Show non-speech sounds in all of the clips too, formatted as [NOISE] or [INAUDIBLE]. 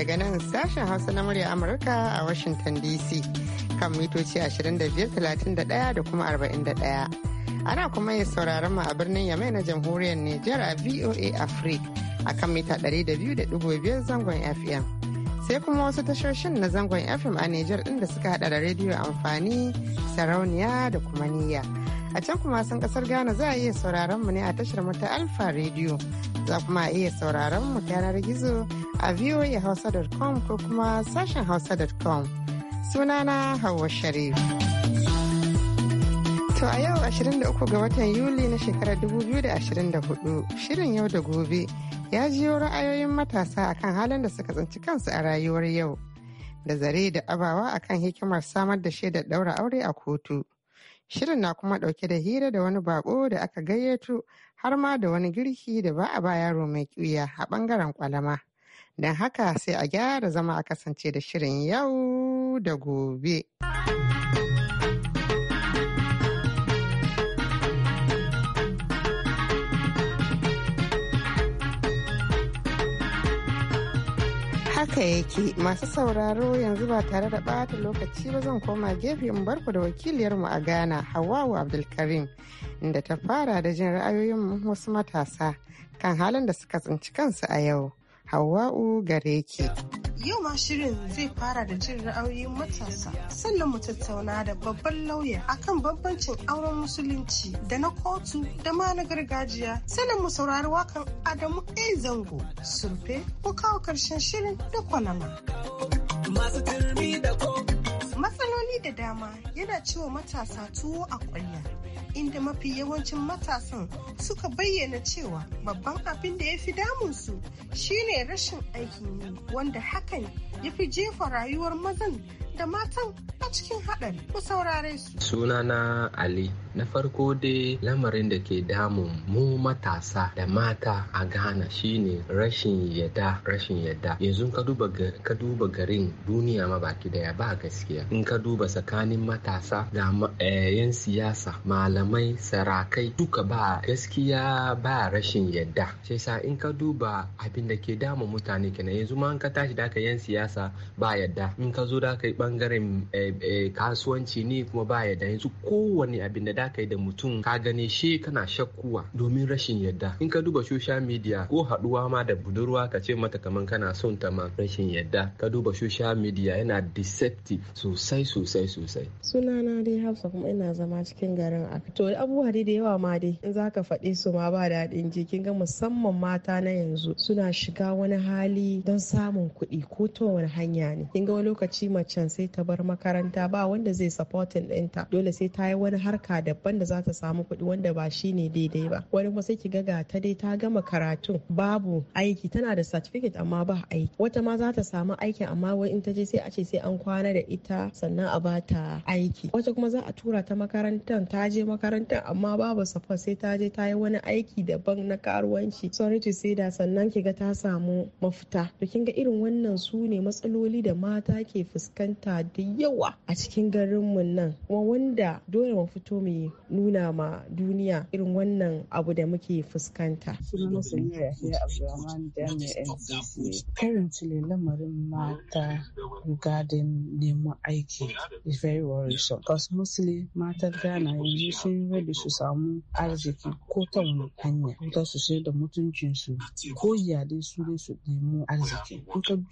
daga nan sashen hausa na murya amurka a washington dc kan mitoci 25,31 da kuma 41 ana kuma yin sauraron mu a birnin yamai na jamhuriyar nijar a voa africa a kan mita 200.5 zangon fm sai kuma wasu tashoshin na zangon fm a nijar da suka hada da rediyo amfani sarauniya da kuma niyya A can kuma sun kasar Ghana za a iya sauraron mu ne a tashar mata Alpha Radio. Za kuma iya sauraron mu yanar gizo a voahausa.com ko kuma sashen hausa.com. Sunana Hauwa Sharif. To a yau 23 ga watan Yuli na shekarar 2024 shirin yau da gobe ya jiyo ra'ayoyin matasa akan halin da suka tsinci kansu a rayuwar yau da zare da abawa akan hikimar samar da shaidar daura aure a kotu. Shirin na kuma ɗauke da hira da wani bako da aka gayyato har ma da wani girki da ba a ba yaro mai ƙuya a ɓangaren kwalama. Don haka sai a gyara zama a kasance da shirin yau da gobe. Haka yake masu sauraro yanzu ba tare da ɓata lokaci ba zan koma gefe in barku da wakiliyarmu a Ghana Hawawu Abdulkarim inda ta fara da jin ra'ayoyin wasu matasa kan halin da suka tsinci kansu a yau. hawawu gare ki. Yau ma shirin zai fara da jin ra'ayoyin matasa sannan mu tattauna da babban lauya akan bambancin auren musulunci da na kotu da ma na gargajiya sannan mu saurari wakan Adamu A zango surfe ko kawo karshen shirin da kwalama. matsaloli da dama yana ciwo matasa tuwo a kwalya inda mafi yawancin matasan suka bayyana cewa babban abin da ya fi damunsu shine rashin aikin yi wanda hakan ya fi jefa rayuwar mazan da matan a cikin haɗari ku saurare su. na Ali na farko dai lamarin da ke damun mu matasa da mata a Ghana shine rashin yadda rashin yadda yanzu ka duba garin duniya ma baki daya ba gaskiya in ka duba tsakanin matasa da eh, yan siyasa malamai sarakai duka ba gaskiya ba rashin yadda sai sa in ka duba abin da ke damun mutane kenan yanzu ma an ka tashi da yan siyasa ba yadda in ka zo da ka bangaren eh, eh, kasuwanci ne kuma ba yadda yanzu kowane abin da da yi da mutum ka gane shi kana shakkuwa domin rashin yadda in ka duba social media ko haduwa ma da budurwa ka ce mata kaman kana son ta ma rashin yadda ka duba social media yana deceptive sosai sosai sosai sunana dai hafsa kuma ina zama cikin garin a to abubuwa dai da yawa ma dai in zaka faɗi su ma ba daɗin ji kin ga musamman mata na yanzu suna shiga wani hali don samun kuɗi ko ta wani hanya ne kin ga wani lokaci macen sai ta bar makaranta ba wanda zai supporting ɗinta dole sai ta yi wani harka daban da za ta samu kuɗi wanda ba shi ne daidai ba wani kuma sai ki ga ta dai ta gama karatu babu aiki tana da certificate amma ba aiki wata ma za ta samu aikin amma wai in ta je sai a ce sai an kwana da ita sannan a ba ta aiki wata kuma za a tura ta makarantar ta je makarantar amma babu support sai ta je ta yi wani aiki daban na karuwanci sorry to say da sannan ki ga ta samu mafita to kin ga irin wannan su ne matsaloli da mata ke fuskanta mata da yawa a cikin garinmu nan kuma wanda dole mu fito mu nuna ma duniya irin wannan abu da muke fuskanta. Karin cile lamarin mata gadin neman aiki is very worrisome. Because mostly matan Ghana yanzu sun rabi su samu arziki ko ta wani hanya ko ta su sai da mutuncinsu ko ya dai su dai su nemo arziki.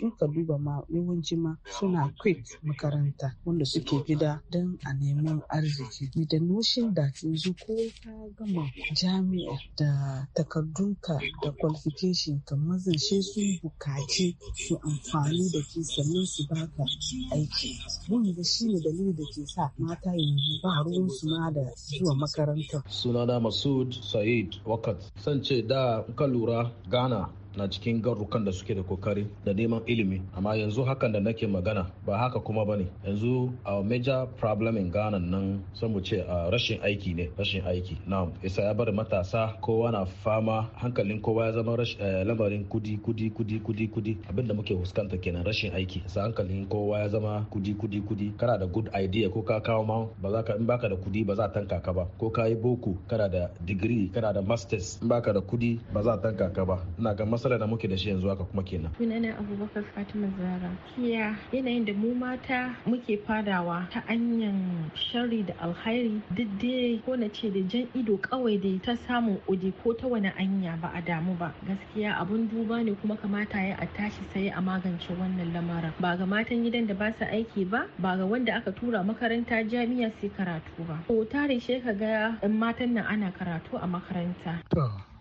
In ka duba ma yawanci ma suna quick makaranta wanda suke gida don a neman arziki ni da noshin da yanzu ko ka gama jami'a da takardunka da qualification ka shi, sun bukaci su amfani da ke sannan su baka aiki wanda shi ne dalili da ke sa mata yanzu ba ruwan su ma da zuwa makaranta sunana masud said wakat sance da ka lura ghana na cikin garukan da suke da kokari da neman ilimi amma yanzu hakan da nake magana ba haka kuma bane yanzu a major problem in Ghana nan sai mu ce a rashin aiki ne rashin aiki na isa ya bar matasa kowa na fama hankalin kowa ya zama eh, lamarin kudi kudi kudi kudi kudi abinda muke fuskanta kenan rashin aiki sa hankalin kowa ya zama kudi kudi kudi kana da good idea ko ka kawo ma ba za ka in baka da kudi ba za tanka ka ba ko ka yi boko kana da degree kana da masters in baka da kudi ba za tanka ka ba ina ga matsala da muke da shi yanzu haka kuma kenan sunana abubakar fatima zara kiya yanayin da mu mata muke fadawa ta anyan sharri da alhairi duk ko na ce da jan ido kawai da ta samu udi ko ta wani anya ba a damu ba gaskiya abun duba ne kuma kamata ya a tashi sai a magance wannan lamarin ba ga matan gidan da ba su aiki ba ba ga wanda aka tura makaranta jami'a sai karatu ba ko tare shi ka ga matan nan ana karatu a makaranta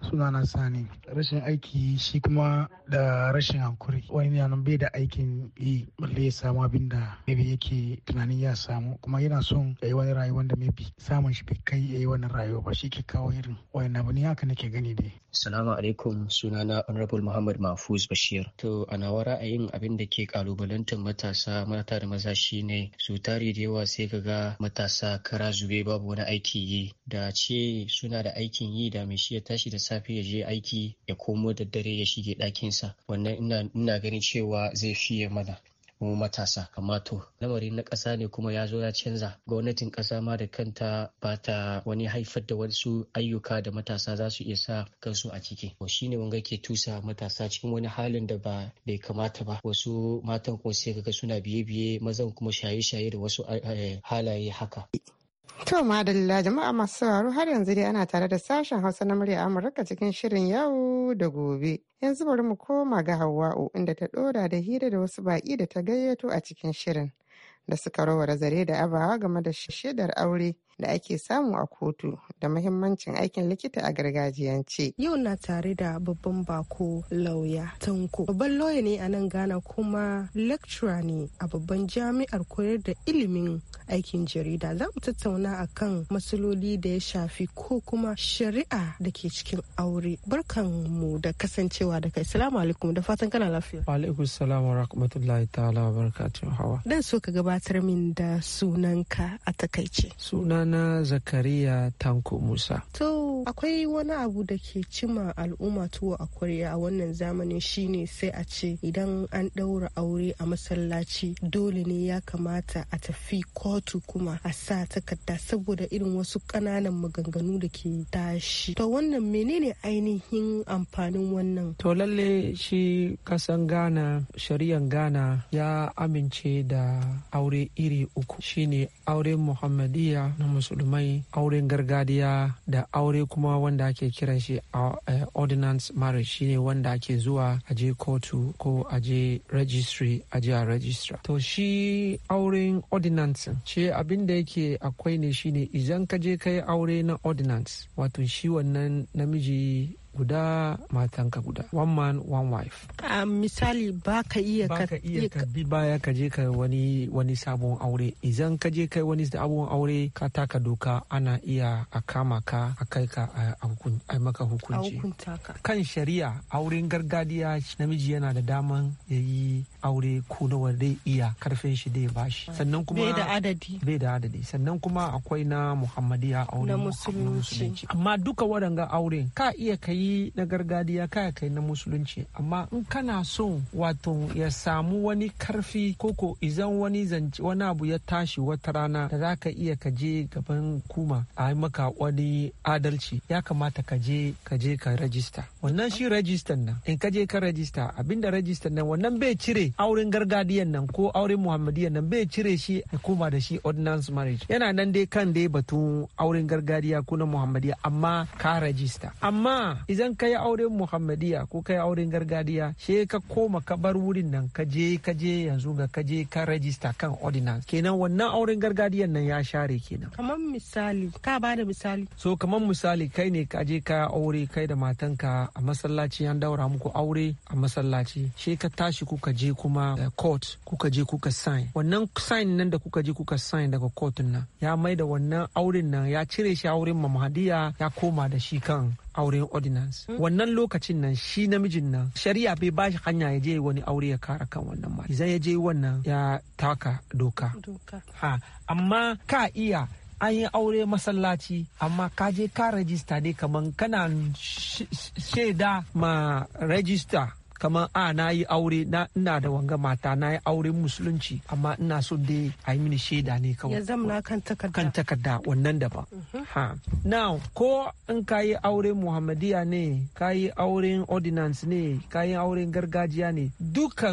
Suna na sani rashin aiki shi kuma da rashin hankuri wani yanan bai da aikin yi balle ya samu abin da maybe yake tunanin ya samu kuma yana son ya yi wani rayuwa da maybe samun shi bai kai ya yi wani rayuwa ba shi ke kawo irin wani abu ne haka nake gani dai salamu alaikum sunana honorable muhammad mahfuz bashir to a nawa ra'ayin abin da ke kalubalantar matasa mata da maza shine su tari da yawa sai ka ga matasa kara zube babu wani aiki yi da ce suna da aikin yi da mai shi ya tashi da safe ya je aiki ya komo da dare ya shige ɗakinsa wannan ina ganin cewa zai fiye mana mu matasa amma to lamarin na ƙasa ne kuma ya zo ya canza gwamnatin ƙasa ma da kanta ba ta wani haifar da wasu ayyuka da matasa za su iya sa kansu a ciki to ne wanga ke tusa matasa cikin wani halin da ba bai kamata ba wasu matan kuma sai kaga suna biye-biye mazan kuma shaye-shaye da wasu eh, halaye haka To madalla jama'a masu sauraro har yanzu dai ana tare da sashen Hausa na murya Amurka cikin shirin yau da gobe. Yanzu bari mu koma ga Hawwa'u inda ta dora da hira da wasu baƙi da ta gayyato a cikin shirin da suka rawar zare da abawa game da shaidar aure da ake samu a kotu da mahimmancin aikin likita a gargajiyance. Yau na tare da babban bako lauya Tanko. Babban lauya ne a nan Ghana kuma lecturer ne a babban jami'ar koyar da ilimin aikin jarida. Za mu tattauna kan matsaloli da ya shafi ko kuma shari'a da ke cikin aure. Barkan mu da kasancewa da kai. Salamu alaikum da fatan kana lafiya. Wa salam wa rahmatullahi ta'ala wa barakatuhu hawa. Dan so ka gabatar min da sunanka a takaice. Sunan sunana zakariya tanko musa to akwai wani abu da ke cima al'umma tuwo a kwarya a wannan zamanin shine sai a ce idan an ɗaura aure a masallaci dole ne ya kamata a tafi kotu kuma a sa takarda saboda irin wasu ƙananan maganganu da ke tashi to wannan menene ainihin amfanin wannan to lalle shi kasan ghana shari'an ghana ya amince da aure iri uku shine aure muhammadiya na musulmai auren gargajiya da aure kuma wanda ake kiran shi eh, ordinance marriage shine wanda ake zuwa aje kotu ko a je registry a je a registra to shi auren ordinance ce abin da yake akwai ne shine idan ka je kai aure na ordinance wato shi wannan namiji guda matanka guda one man one wife a misali ba ka iya ka iya bi baya ka je ka wani wani sabon aure idan ka je kai wani sabon aure ka taka doka ana iya a kama ka a kai ka a maka hukunci kan shari'a auren gargajiya namiji yana da daman ya yi aure ko na wanda iya karfin shi dai bashi sannan kuma bai da adadi bai da adadi sannan kuma akwai na muhammadiya aure na musulunci amma duka waɗanga auren ka iya ka yi akwai na gargajiya kai kai na musulunci amma in kana so wato ya samu wani karfi koko izan wani zance wani abu ya tashi wata rana da za ka iya ka je gaban kuma a maka wani adalci ya kamata ka je ka je ka rajista wannan shi rajistan nan in ka je ka rajista abinda rajistan nan wannan bai cire auren gargajiyan nan ko auren muhammadiyan nan bai cire shi da koma da shi ordinance marriage yana nan dai kan dai batun auren gargajiya ko na muhammadiyya amma ka rajista amma idan ka yi auren muhammadiya ko ka yi auren gargajiya she ka koma ka bar wurin nan ka je ka je yanzu ga ka je ka rajista kan ordinance kenan wannan auren gargajiyan nan ya share kenan kamar misali ka ba da misali so kamar misali kai ne ka je ka aure kai da matanka a masallaci an daura muku aure a masallaci she ka tashi kuka je kuma eh, court kuka je kuka sign wannan sign nan da kuka je kuka sign daga court nan ya mai da wannan auren nan ya cire shi auren mamadiya ya koma da shi kan Auren ordinance wannan lokacin nan shi namijin nan shari'a bai ba shi hanya ya je wani aure ya kara kan wannan mata idan ya je wannan ya taka doka ha amma ka iya an yi aure masallaci amma ka je ka rajista ne kaman kana shaida ma rajista kamar a na yi aure na ina da wanga mata na yi aure musulunci amma ina so dai a yi mini shaida ne kawai ya zama kan takarda kan takarda wannan daban mhm. ha now ko in ka yi aure muhammadiya ne ka yi auren ordinance ne ka yi auren gargajiya ne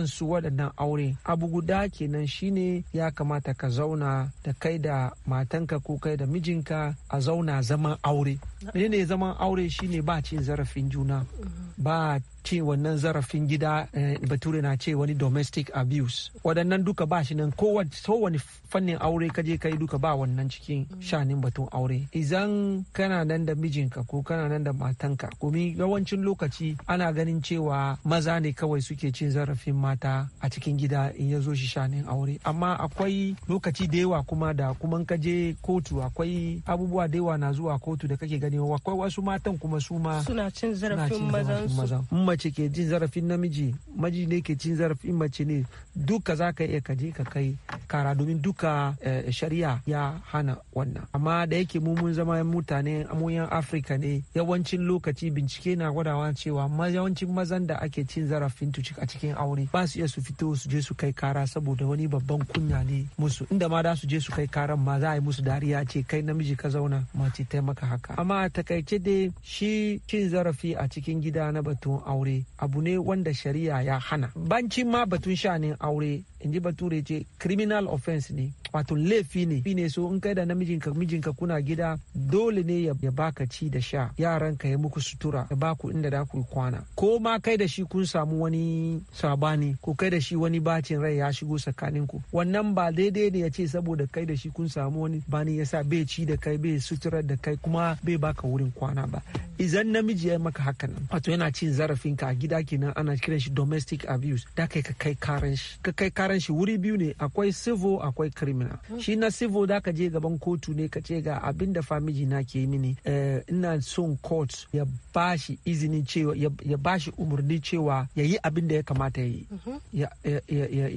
su waɗannan aure abu guda kenan shine ya kamata ka zauna da kai da matanka ko kai da mijinka a zauna zaman aure menene zaman aure shine ba cin zarafin juna mhm. ba ce wannan zarafin gida eh, bature na ce wani domestic abuse waɗannan duka ba shi nan kowane fannin aure ka je kai duka ba wannan cikin shanin batun aure idan kana nan da mijinka ko kana nan da matanka komi yawancin lokaci ana ganin cewa maza ne kawai suke cin zarafin mata a cikin gida in ya zo shi shanin aure amma akwai lokaci da yawa kuma da kuma ka je kotu akwai abubuwa da yawa na zuwa kotu da kake gani akwai wasu matan kuma su ma suna cin zarafin mazan mace ke jin zarafin namiji maji ne ke cin zarafin mace ne duka za ka iya kaje ka kai kara domin duka eh, shari'a ya hana wannan amma da yake mu mun zama mutane amoyan afirka ne yawancin lokaci bincike na gwadawa cewa yawancin mazan da ake cin zarafin tuci a cikin aure ba su iya su fito su je su kai kara saboda wani babban kunya ne musu inda ma da su je su kai karan ma za a yi musu dariya ce kai namiji ka zauna mace taimaka haka amma takaice dai shi cin zarafi a cikin gida na batun aure abu ne wanda shari'a ya hana bancin ma batun sha'anin aure in ji bature ce criminal offense ne wato laifi ne ne so in kai da namijinka mijinka kuna gida dole ne ya baka ci da sha yaran ka ya muku sutura ya baku inda da ku kwana ko ma kai da shi kun samu wani sabani ko kai da shi wani bacin rai ya shigo tsakanin ku wannan ba daidai ne ya ce saboda kai da shi kun samu wani bani ya sa bai ci da kai bai sutura da kai kuma bai baka wurin kwana ba idan namiji ya maka haka nan wato yana cin zarafin ka a gida kenan ana kiran shi domestic abuse da kai ka kai karen shi ka kai karan shi wuri biyu ne akwai civil akwai criminal hmm. shi na civil da ka je gaban kotu ne ka ce ga abin da famiji na ke mini eh, ina son court ya bashi izinin cewa ya bashi umarni cewa ya yi abin da ya kamata ya yi hmm.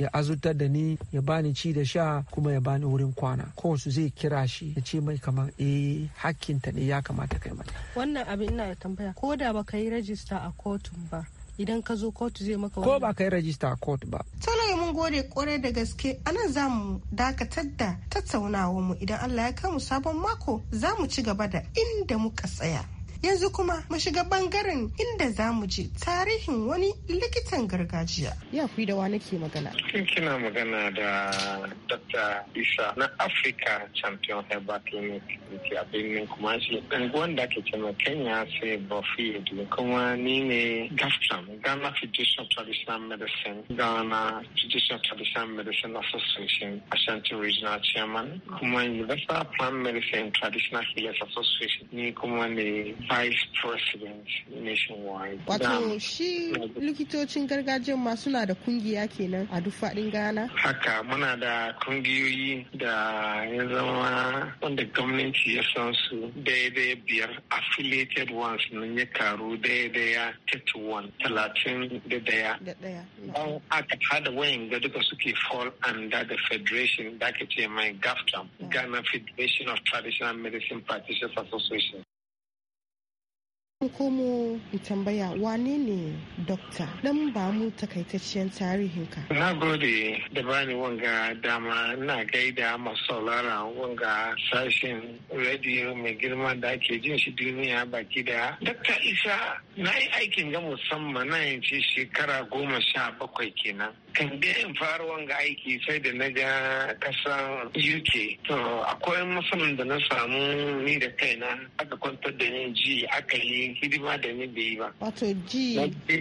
ya azutar da ni ya bani ci da sha kuma ya bani wurin kwana court zai kira shi ya ce mai kamar eh hakkinta ne ya kamata kai mata wannan abin ina tambaya ko da baka yi rajista a kotun ba idan ka zo kotu zai maka ko ba ka yi rajista ba. Salaye mun gode kwarai da gaske anan za mu dakatar da tattaunawar mu idan Allah ya kai mu sabon mako za mu ci gaba da inda muka tsaya. Yanzu kuma mu shiga bangaren inda za mu je tarihin wani likitan gargajiya. Ya fi da wani ke magana. Kin kina magana da Dr. Isa na Africa Champion Herbal Clinic ke a birnin Kumasi. Unguwan da ke cewa Kenya sai Bofi kuma ni ne GAFTRAM, Ghana Physician Traditional Medicine, Ghana Physician Traditional Medicine Association, Ashanti Regional Chairman, kuma Universal Plant Medicine Traditional Healers Association ni kuma ne vice president nationwide. Wato shi likitocin gargajiyan ma suna da kungiya kenan a duk faɗin Ghana? Haka muna da kungiyoyi da ya zama wanda gwamnati ya san su daidai biyar affiliated ones nan ya karu daidaya one talatin da daya. Da daya. Aka hada wayan ga duka suke fall under the federation da ake ce mai GAFTAM, Ghana Federation of Traditional Medicine Practitioners Association. An komo in tambaya wane ne dokta don ba mu takaitacciyar tarihinka. Na gode da bani wanga dama na gaida masu saurara wanga sashen rediyo mai girma da ake jin shi duniya baki da. Dokta Isa na yi aikin ga musamman na yanci shekara goma sha bakwai kenan. Kan in fara wanga aiki sai da na ga kasan UK. To akwai musamman da na samu ni da kaina aka kwantar da ni ji aka yi hidima da ni bai yi ba. Wato ji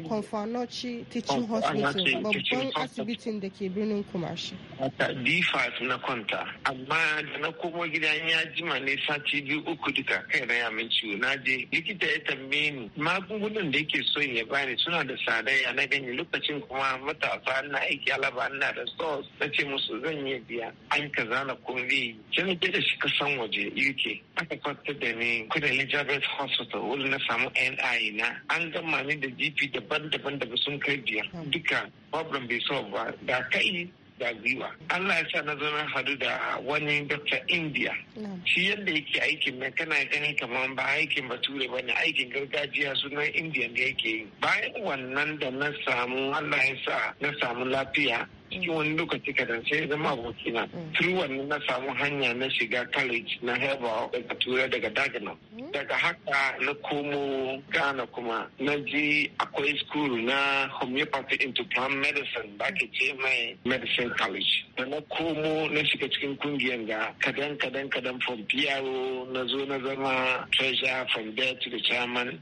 Kwamfanoci Teaching Hospital babban asibitin da ke birnin Kumashi. Wata D5 na kwanta amma da na koma gida ya jima ne sati biyu uku duka kai na ya min ciwo na je likita ya tambaye ni magungunan da yake so ya bani suna da sadaya na gani lokacin kuma matasa na aiki alaba na da sauce na ce musu zan yi biya an kaza na kuma bi sai da shi kasan waje UK aka kwatar da ni kudin Elizabeth Hospital wani na samu ni na an gama ni da gp daban-daban da sun kai biyar hmm. duka problem bai so ba da kai da gwiwa allah ya sa na zama hadu da wani dr india hmm. shi yadda yake aikin nan kana gani kamar ba aikin bature ba ne aikin gargajiya sunan indiyan da yake yi bayan wannan da na samu allah ya sa na samu lafiya cikin wani lokaci kadan sai ya zama abokina mm. tun wannan na samu hanya na shiga college na haiba daga turai daga dagana mm. daga haka na komo ghana kuma na ji akwai school na homeopathy into plant medicine da ke ce mai medicine college da na komo na shiga cikin kungiyar ga kadan kadan kadan from piyaro na zo na zama treasurer from there to the chairman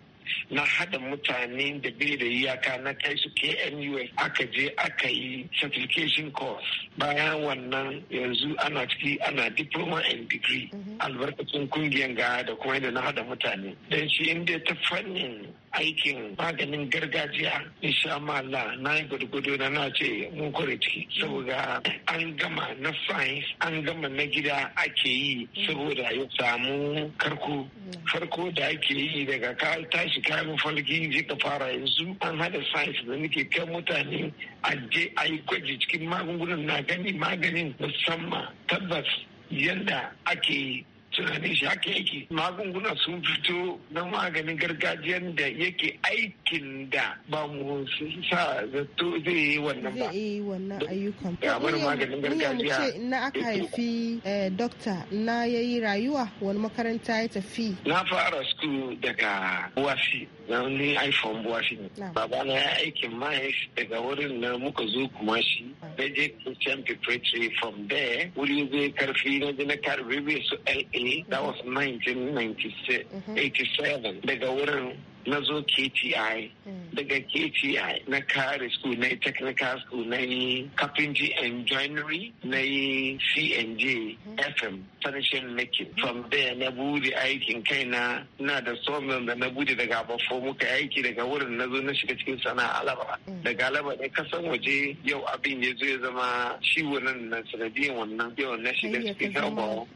na haɗa mutane da bai da iyaka na kai su KNUS aka je aka yi certification course bayan wannan yanzu ana ciki ana diploma and degree mhm. albarkacin kungiyar ga da kuma yadda na haɗa mutane don shi inda ta fannin aikin maganin gargajiya insha Allah na yi gudugudu na na ce mun kware ciki saboda an gama na science an gama na gida ake yi saboda ya samu karko farko da ake yi daga ka tashi kayan falgi ji ka fara yanzu an hada science da nake kai mutane a je a yi gwaji cikin magungunan na gani maganin musamman tabbas yadda ake sun ne shi haka yake magunguna sun fito na maganin gargajiyan da yake aikin da ba mu sa zato zai yi wannan ba zai yi wannan ayyukan ya bar maganin gargajiya na aka haifi eh, dokta na yayi rayuwa wani makaranta ya tafi na fara su daga wasi na ni iphone buwa shi baba na ya aikin mais daga wurin na muka zo kuma shi ah. na je christian preparatory from there wuri zai karfi na je na karbi su la that mm-hmm. was 1987 mm-hmm. daga wurin na zo KTI mm. daga KTI na kare school na technical school na yi kafinji and joinery na yi CNJ FM sanashin making mm-hmm. from there na bude aikin kai na na da sawmill da na bude daga abafo muka aiki daga wurin na zo na shiga cikin sana'a alaba mm. daga alaba ne kasan waje yau abin ya zo ya zama shi wannan na sanadiyan wannan yau na shiga cikin helbo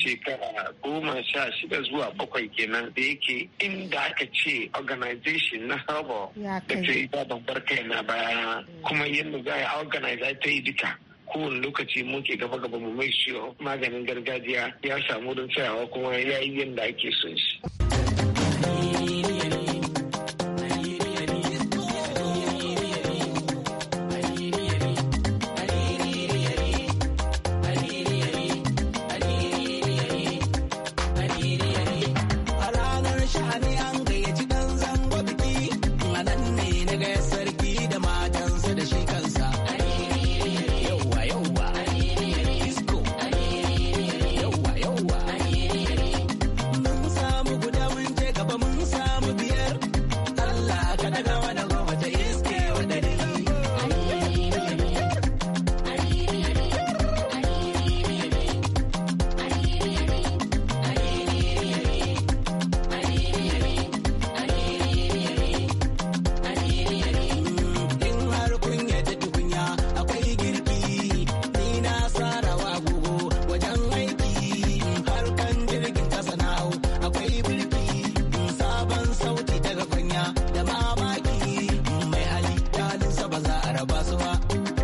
shekara goma sha shida zuwa bakwai kenan da yake inda aka ce organization na haba da ta yi babban barka na baya kuma yadda za a yi organize ta yi duka kowane lokaci muke gaba gaba mu mai maganin gargajiya ya samu don tsayawa kuma ya yi yadda ake son shi. ba su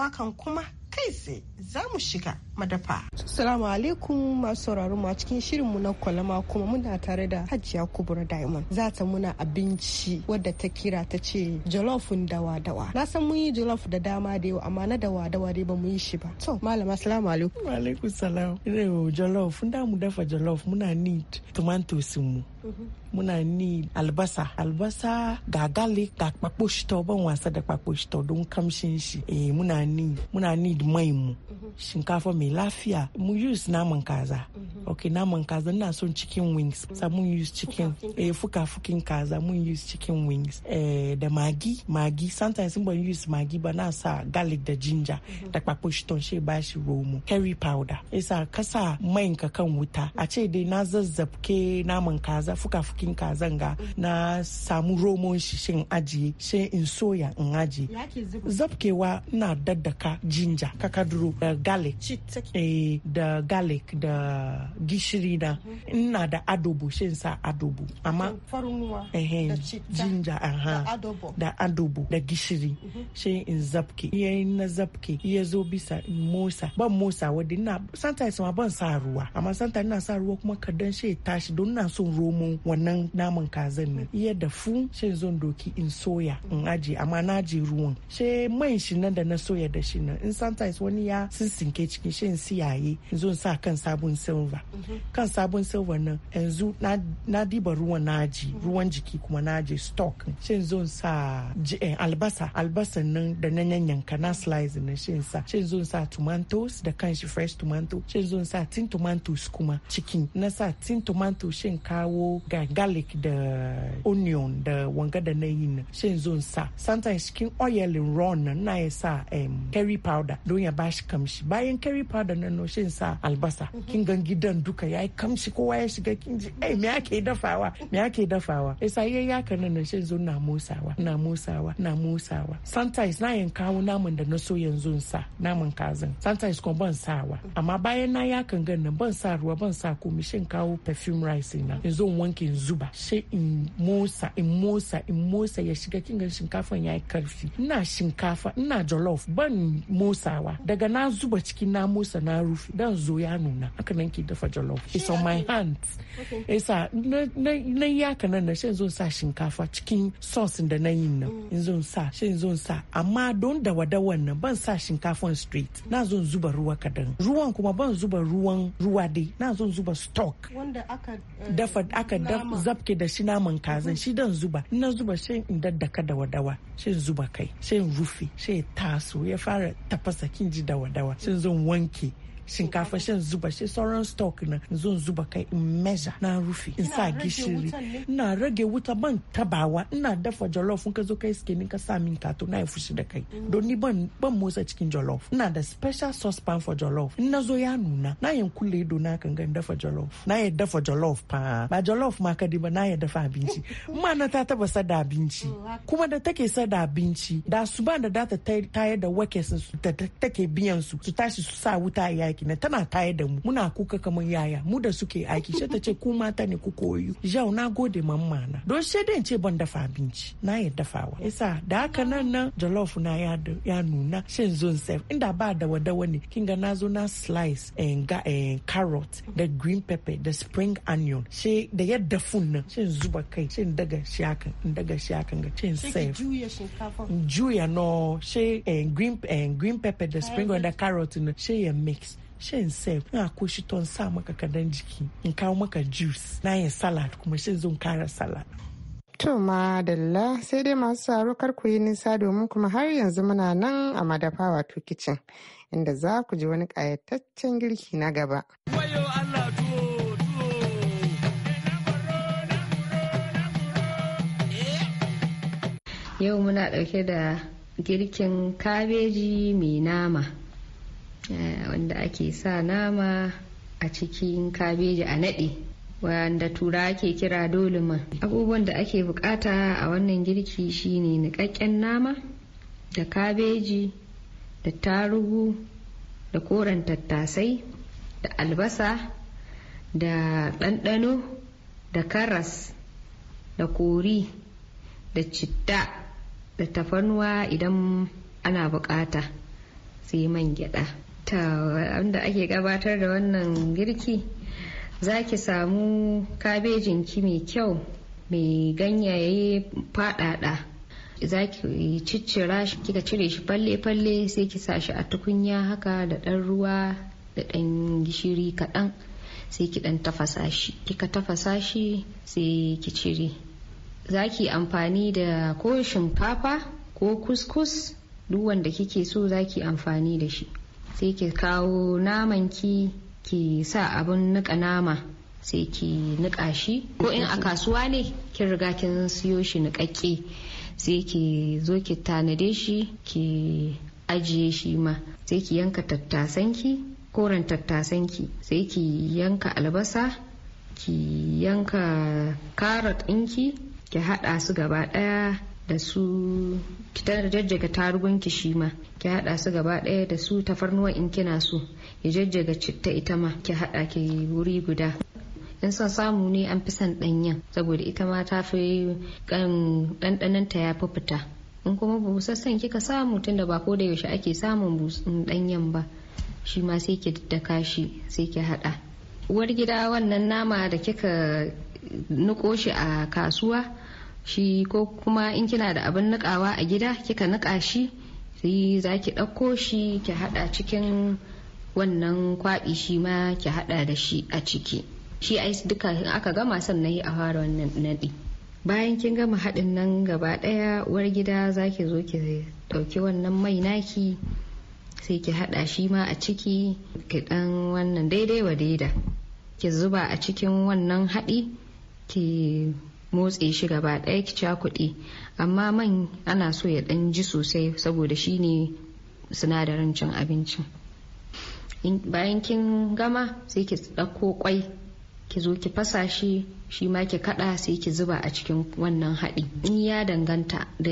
wakan kuma kai tsaye za mu shiga madafa. Salamu alaikum masu sauraron mu a cikin shirinmu na kwalama kuma muna tare da Hajiya Kubura Diamond. Za ta muna abinci wadda ta kira ta ce jollof dawa-dawa. Na san mun yi jollof da dama da yau amma na dawa-dawa dai ba mu yi shi ba. To malama salamu alaikum. Wa alaikum salam. Ina yau jolof da mu dafa jollof muna need tomatoes mu. Mhm. Muna ni albasa. Albasa ga garlic ga kpakpo shito ban wasa da kpakpo shito don kamshin shi. Eh muna ni, muna need mai mu. Mhm. Shinkafa mai lafiya mu use naman kaza mhm. ok naman kaza na son chicken wings sa mun use chicken eh fuka fukin kaza mun use chicken wings eh, da magi magi sometimes mun use magi ba na sa garlic da ginger mhm. da kpakpo shiton she ba shi romo curry powder isa e kasa main ka kan wuta mhm. a ce dai na zazzabke naman kaza fuka fukin kaza ga na samu romon shi shin ajiye she in soya in ajiye zabkewa na daddaka ginger kakaduro da eh, garlic sake da garlic da gishiri na mhm. ina da adobo shi sa adobo amma farin da aha da adobo da gishiri mhm. shi in zabke iya na zabke iya zo bisa mosa ban mosa wadda ina sometimes ma ban sa ruwa amma santa ina sa ruwa kuma kadan shi tashi don ina son romo wannan naman kazan nan mhm. iya da fu shi zon doki in soya in aje amma na ruwan shi mai shi nan da na soya da shi nan in sometimes wani ya sinsinke cikin shin siyaye zo sa kan sabon silva mhm. kan sabon silva nan yanzu na diba ruwan naji mhm. ruwan jiki kuma naji stock shin zo sa eh, albasa albasan nan da na yanyanka na slice na shin sa shin zo sa tomatoes da kanshi fresh tomato shin zo sa tin tomatoes kuma cikin na sa tin tomato shin kawo ga garlic da onion da wanga da na yi shin zo sa sometimes cikin oil raw na na ya sa curry powder don ya bashi kamshi bayan curry fada nan noshin sa albasa mhm. kin gan gidan duka yayi kamshi kowa ya shiga kin ji eh me ake dafawa me yake dafawa eh sai yayi haka nan noshin zo na musawa na musawa na musawa sometimes na yin kawo namun da na so yanzu sa namun kazin sometimes ko ban sawa mhm. amma bayan na yakan gan nan ban sa ruwa ban sa mi shin kawo perfume rice na in wanke in zuba she in musa in musa in musa ya shiga kin gan shinkafan yayi karfi ina shinkafa ina jollof ban musawa daga na zuba cikin namu. musa na rufe dan zo ya nuna haka nan ke dafa jollof it's on my hands isa na yaka nan na shin zo sa shinkafa cikin sauce da na yin nan mm. in zo sa shin zo sa amma don da wada wannan ban sa shinkafan straight na zo zuba ruwa kadan ruwan kuma ban zuba ruwan ruwa dai na zo zuba stock wanda aka eh, dafa aka zabke da shi naman kazan mm-hmm. shi dan zuba na zuba shi in daddaka da wadawa shin zuba kai shin rufe shin taso ya fara tafasa kin ji da wadawa shin zo wanki aiki shinkafa shan zuba shi sauran stock na zan zuba kai in measure na rufe in sa gishiri ina rage wuta ban tabawa ina dafa jollof in ka zo kai skin ka sa min tato na ya fushi da kai mm. don ni ban ban motsa cikin jollof ina da special saucepan for jollof in na zo ya nuna na yin kulle ido na kan ga dafa jollof na ya dafa jollof pa ba jollof ma ka ba na ya dafa abinci [LAUGHS] ma na ta taba sada abinci mm, kuma da take sada abinci da su ba da data tayar da workers su da take biyan su su tashi su sa wuta yaki aiki na tana tayar da mu muna kuka kamar yaya mu da suke aiki sai ta ce ku mata ne ku koyu jau na gode mamma na don sai dai ce ban dafa abinci na yi dafawa yasa da haka nan nan jollof na ya ya nuna shin zon sef inda ba da wadawa ne kin ga na zo na slice en eh, ga en eh, carrot da green pepper da spring onion sai da yadda fun nan shin zuba kai shin daga shi haka daga shi haka ga shin sef juya no sai eh, green green pepper da spring onion da carrot na sai ya mix Shin sef na ko shi ton sa maka kadan jiki in kawo maka juice na yin salad kuma shin zan kara salad To madalla sai dai masu saro kar ku yi nisa domin kuma har yanzu muna nan a madafa wato kicin inda za ku ji wani kayataccen girki na gaba. Yau muna ɗauke da girkin kabeji mai nama. wanda ake sa nama a cikin kabeji a naɗe wanda tura ke kira dolima abubuwan da ake bukata a wannan girki shine niƙaƙƙen nama da kabeji da tarugu da koren tattasai da albasa da ɗanɗano da karas da kori da citta da tafarnuwa idan ana bukata sai man gyada halitta wanda ake gabatar da wannan girki za ki samu kabejin ki mai kyau mai ganyaye fadada za ki ciccira shi kika cire shi falle-falle sai ki sa shi a tukunya haka da ɗan ruwa da ɗan gishiri kaɗan sai ki ɗan tafasa shi kika tafasa shi sai ki cire za ki amfani da ko shinkafa ko kuskus duk wanda kike so za ki amfani da shi sai ki kawo naman ki ki sa abun nika nama sai ki nika shi ko in a kasuwa ne kin riga kin siyo shi nikakke sai ki zo ki tanade shi ki ajiye shi ma sai ki yanka tattasanki koren tattasanki sai ki yanka albasa ki yanka karot ɗinki ki haɗa su gaba ɗaya da su fitar jajjaga tarugun ki shi ki hada su gaba daya da su tafarnuwa in kina so ki jajjaga citta ita ma ki hada ki wuri guda in son samu ne an fi son danyen saboda ita ma ta fi um, ɗanɗanon ta ya fi fita in kuma busassan kika samu tunda ba ko da yaushe ake samun danyen um, ba shi ma sai ki daddaka shi sai ki hada uwar gida wannan nama da kika nuko shi a kasuwa shi ko kuma in kina da abin nikawa a gida kika nika shi sai za ki ɗauko shi ki haɗa cikin wannan kwaɓi shi ma ki haɗa da shi a ciki shi ai duka aka gama sannan yi a fara wannan naɗi bayan kin gama haɗin nan gaba ɗaya uwar gida za ki zo ki ɗauki wannan mai naki sai ki haɗa shi ma a ciki ki ɗan wannan daidai wa daida ki zuba a cikin wannan haɗi ki motse shi gaba ɗaya ki kuɗi amma man ana so ya ɗan ji sosai saboda shi ne sinadarin cin abinci bayan kin gama sai ki ɗauko kwai ki zo ki fasa shi shi ma ki kaɗa sai ki zuba a cikin wannan haɗi in ya danganta da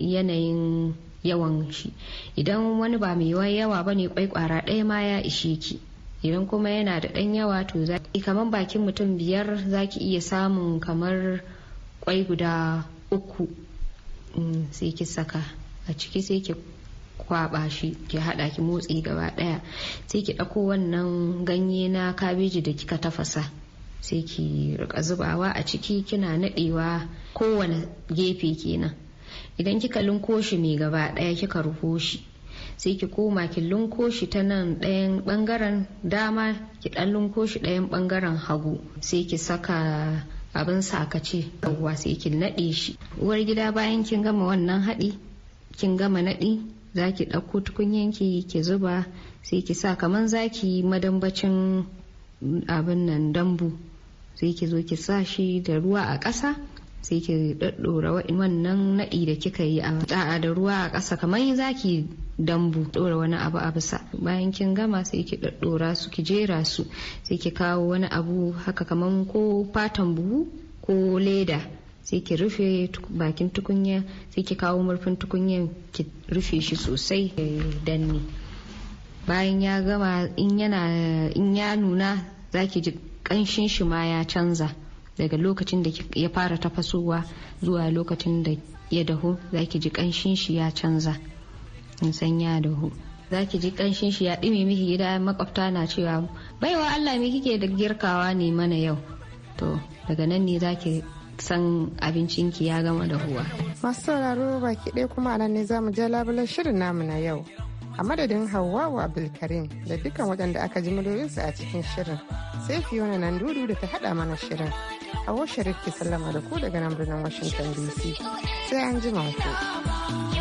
yanayin yawan shi idan wani ba mai yawa ba ne kwai kwara ɗaya ma ya ishe ki idan kuma yana da ɗan yawa to za kamar bakin mutum biyar za ki iya samun kamar kwai guda uku mm, sai ki saka a ciki sai ki kwaba shi ki hada ki motsi gaba daya sai ki ɗauko wannan ganye na kabeji da kika tafasa sai ki rika zubawa a ciki kina nadewa kowane gefe kenan idan kika linko shi mai gaba daya kika rufo shi sai ki koma ki lunko shi ta nan ɗayan ɓangaren dama ki ɗan lunko shi ɗayan ɓangaren hagu sai ki saka abin sakace yawwa sai ki naɗe shi uwar gida bayan kin gama wannan haɗi kin gama naɗi za ki ɗauko tukunyen ki ki zuba sai ki sa kamar za ki madambacin abin nan dambu sai ki zo ki sa shi da ruwa a ƙasa sai ki daddora wannan naɗi da kika yi a da'a da ruwa a ƙasa kamar zaki dambu dora wani abu a bisa bayan kin gama sai ki daddora su ki jera su sai ki kawo wani abu haka kamar ko fatan buhu ko leda sai ki rufe bakin tukunya sai ki kawo murfin tukunyar ki rufe shi sosai danne bayan ya gama in ya nuna zaki ji kanshin shi ma ya canza daga lokacin da ya fara tafasowa zuwa lokacin da ya dahu za ki ji kanshin shi ya canza in san ya dahu za ki ji kanshin shi ya dimi miki gida makwabta na cewa baiwa allah me kike da girkawa ne mana yau to daga nan ne za ki san abincinki ya gama dahuwa masu sauraro baki ɗaya kuma nan ne za mu ja labulan shirin namu na yau a madadin hawawa abdulkarim da dukkan waɗanda aka ji su a cikin shirin sai fiye nan dudu da ta haɗa mana shirin Hawa Sharif ke sallama da ku daga nan birnin Washington DC. Sai an ji ku.